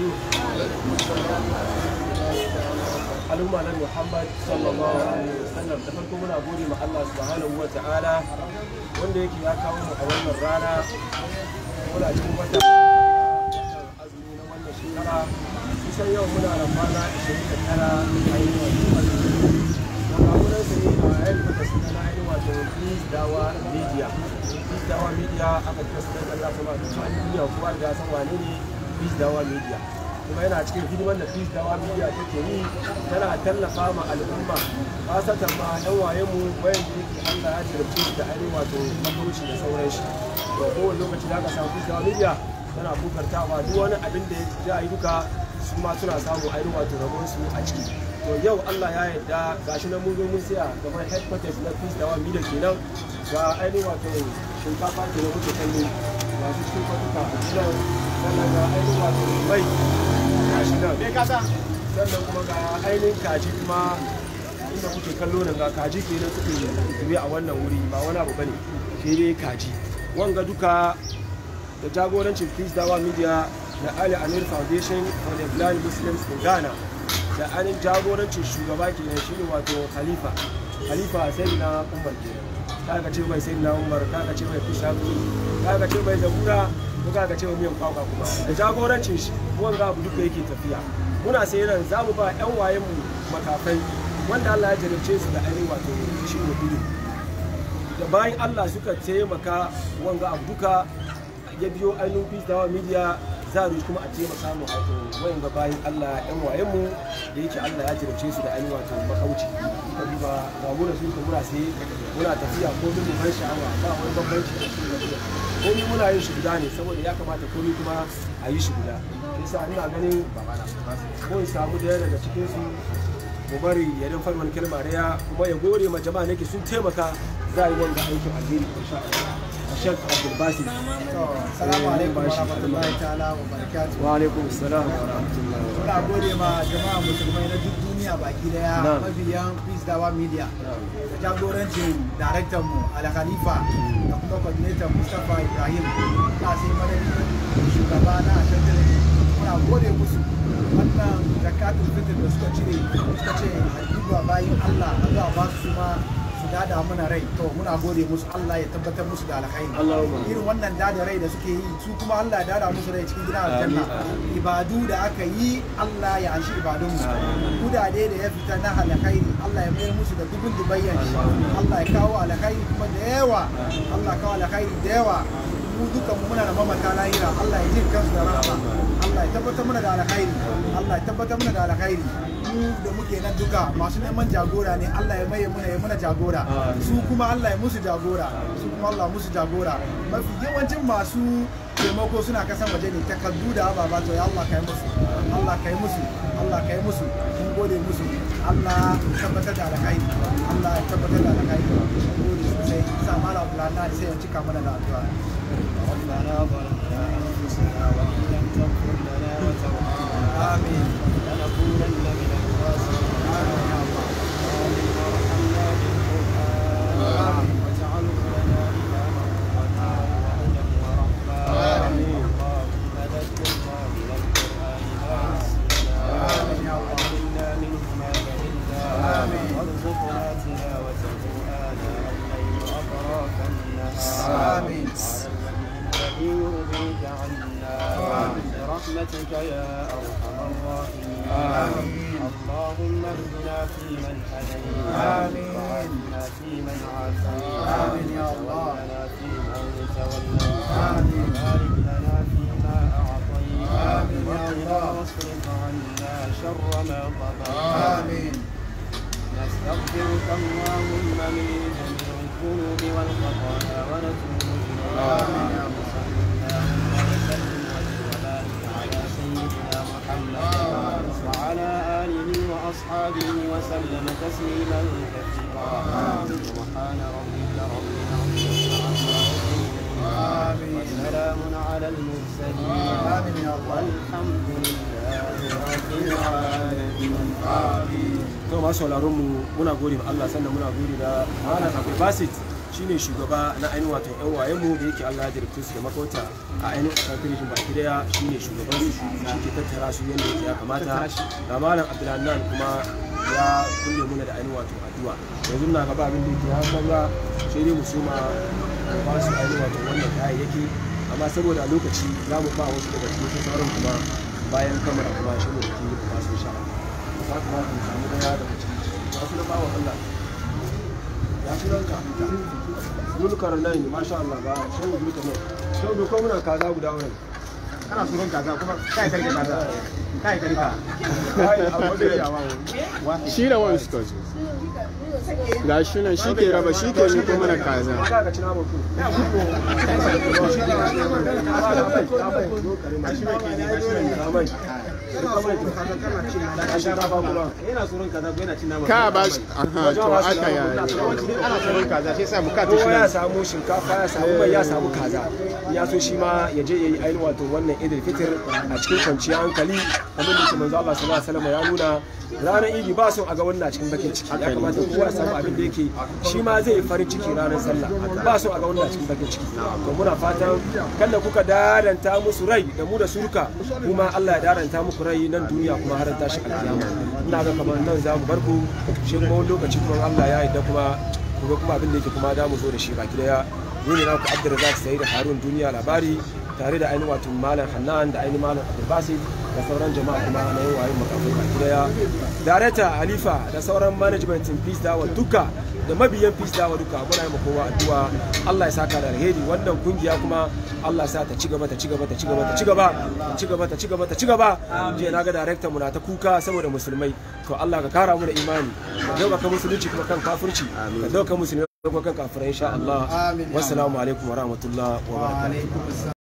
al'umma na muhammad sallallahu alaihi wasallam da farko muna gode ma allah subhanahu wa ta'ala wanda yake ya kawo mu a wannan rana muna cikin wata azumi na wannan shekara kusan yau muna da 29 a ainihin wato daga wurin sa ne a yayin da suna na ainihin wato please dawa media dawa media aka kira sunan allah kuma duniya kowa da ya san wane ne peace dawa media kuma yana cikin hidimar da peace dawa media take yi tana tallafa ma al'umma fasatan ma yan wayenmu bayan da yake allah ya circe da ari wato makauci da sauran shi to kowane lokaci da ka samu peace dawa media tana kokartawa duk wani abin da ya yi duka su ma suna samu ainihin wato rabon su a ciki to yau allah ya yarda gashi na mun zo mun siya gaban headquarters na peace dawa media kenan ga ainihin wato shinkafa ke na kuke kallo masu cikin kwatuka a gidan sannan ga ainihin wato mai gashi nan sannan kuma ga ainihin kaji kuma inda kuke kallo nan ga kaji kenan suke zube a wannan wuri ba wani abu bane sai dai kaji wanga duka da jagorancin Peace Dawa Media da Ali Amir Foundation for the Blind Muslims in Ghana da anin jagorancin shugaba ke kenan shine wato Khalifa Khalifa sai na kumbar kenan kaga ce mai sai na umar kaga ce mai fushaku kaga ce mai zabura ko ka ce miyan kwakwa kuma da jagorancin shi wanga abu duka yake tafiya muna sai nan za mu ba yan wayen mu makafai wanda Allah ya jarabce su da ainihin wato shi ne gudu da bayan Allah suka taimaka wanga abu duka ya biyo ainihin peace dawa media za a kuma a taimaka mu wato wayan ga bayin Allah ɗan wayenmu mu da yake Allah ya jirce su da ainihin wato makauci ka duba ga mu da sun ka muna sai muna tafiya ko mun ban sha'awa ba wani bambanci a cikin muna yin shi guda ne saboda ya kamata ni kuma a yi shi guda yasa ina ganin ko in samu daya daga cikin su mu bari ya dan faɗi wani kalma kuma ya gode ma jama'a nake sun taimaka za a yi wanga aikin alheri insha Allah Sheikh Abdul Basit. Assalamu alaikum warahmatullahi ta'ala wa barakatuh. gode ma jama'a musulmai na duk baki daya mabiyan Peace Dawa Media. Da jagorancin daraktan mu Al Khalifa da kuma coordinator Mustapha Ibrahim. Ta sai da suka cire bayan Allah a dada mana rai to muna gode musu Allah ya tabbatar musu da alkhairi irin wannan dada rai da suke yi su kuma Allah ya dada musu rai cikin gidan aljanna ibadu da aka yi Allah ya anshi ibadun mu kudade da ya fita na alkhairi Allah ya mayar musu da dubun dubayyan Allah ya kawo alkhairi kuma da yawa Allah kawo alkhairi da yawa mu dukan muna da mamata lahira Allah ya jin kansu da rahama Allah ya tabbatar muna da alkhairi Allah ya tabbatar muna da alkhairi mu da muke nan duka masu neman jagora ne Allah ya maye muna ya muna jagora su kuma Allah ya musu jagora su kuma Allah musu jagora mafi yawancin masu taimako suna kasan waje ne takardu da ababa to ya Allah kai musu Allah kai musu Allah kai musu mun gode musu Allah ya tabbatar da alkai Allah ya tabbatar da alkai gode sosai sa mala bulana sai ya cika mana da addu'a Allah na barka آمين برحمتك يا أرحم الراحمين آمين اللهم اهدنا فيمن هديت آمين وعافنا فيمن عافيت آمين يا الله لنا فيمن توليت آمين بارك لنا فيما أعطيت آمين يا الله واصرف عنا شر ما قضيت آمين نستغفرك اللهم من جميع الذنوب والخطايا ونتوب آمين وصلى اللهم وسلم وبارك على سيدنا محمد وعلى آله وأصحابه وسلم تسليما كثيرا سبحان ربك رب العزة عما يصفون وسلام على المرسلين والحمد لله رب العالمين masu sauraron mu muna gode da Allah sannan muna gode da Malam Abdul Basit shine shugaba na ainihin wato yan waye mu da yake Allah ya dirkta da makauta a ainihin kalkulation baki daya ne shugaban su ke tattara su yadda ya kamata ga Malam Abdulhanan kuma ya kulle muna da ainihin wato addu'a yanzu na gaba abin da yake ya sanya sai dai mu suma ba su ainihin wato wannan kayayyaki amma saboda lokaci za mu ba wasu daga cikin sauran kuma bayan kamar kuma shi ne da ke ba su sha'a za ku ma ku samu daya daga cikin ba su da bawa Allah ya ranka nan masha Allah ba muna kaza guda wani kana kaza kuma kai karka kaza kai karka shi da wani suka zo ga shi nan shi ke raba shi ke mana kaza ka ba shi aha to aka ya ana tsoron kaza shi yasa bukatun shi ya samu shinkafa ya samu mai ya samu kaza ya so shi ma ya je yayi ainihin wato wannan Idil Fitr a cikin kwanciyar hankali kamar da manzo Allah sallallahu alaihi wasallam ya nuna ranar Idi ba son a ga wannan cikin bakin ciki ya kamata kowa ya samu abin da yake shi ma zai yi farin ciki ranar sallah ba son a ga wannan cikin bakin ciki to muna fatan kalla kuka daranta musu rai da mu da surka kuma Allah ya daranta muku kurakurai nan duniya kuma har shi alkiyama ina ga kamar nan za mu bar ku shi kuma wani lokaci kuma Allah ya yarda kuma kuma kuma abin da yake kuma da mu zo da shi baki daya ni ne naku Abdul Razak Sayyid Harun duniya labari tare da ainihin wato Malam Hannan da ainihin Malam Abdul Basit da sauran jama'a kuma na yin wayo makafi baki daya dareta halifa da sauran management in peace dawa duka da mabiyan peace dawa duka muna yi kowa addu'a Allah ya saka da alheri wannan kungiya kuma Allah ya sa ta cigaba ta cigaba ta cigaba ta cigaba ta cigaba ta cigaba ta cigaba je na ga director mu na ta kuka saboda musulmai to Allah ka kara mu da imani ka dauka musulunci kuma kan kafirci ka dauka musulmai kuma kan kafirai insha Allah wassalamu alaikum wa rahmatullahi wa barakatuh